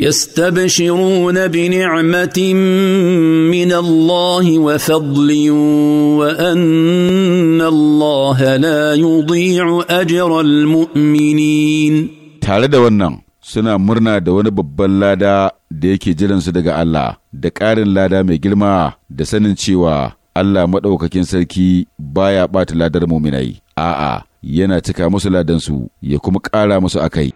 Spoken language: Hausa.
يستبشرون بنعمه من الله وفضل وان الله لا يضيع اجر المؤمنين tare da wannan suna murna da wani babban lada da yake jiransu daga Allah da ƙarin lada mai girma da sanin cewa Allah maɗaukakin sarki baya ɓata ladar muminai a'a yana cika musu ladansu ya kuma ƙara musu akai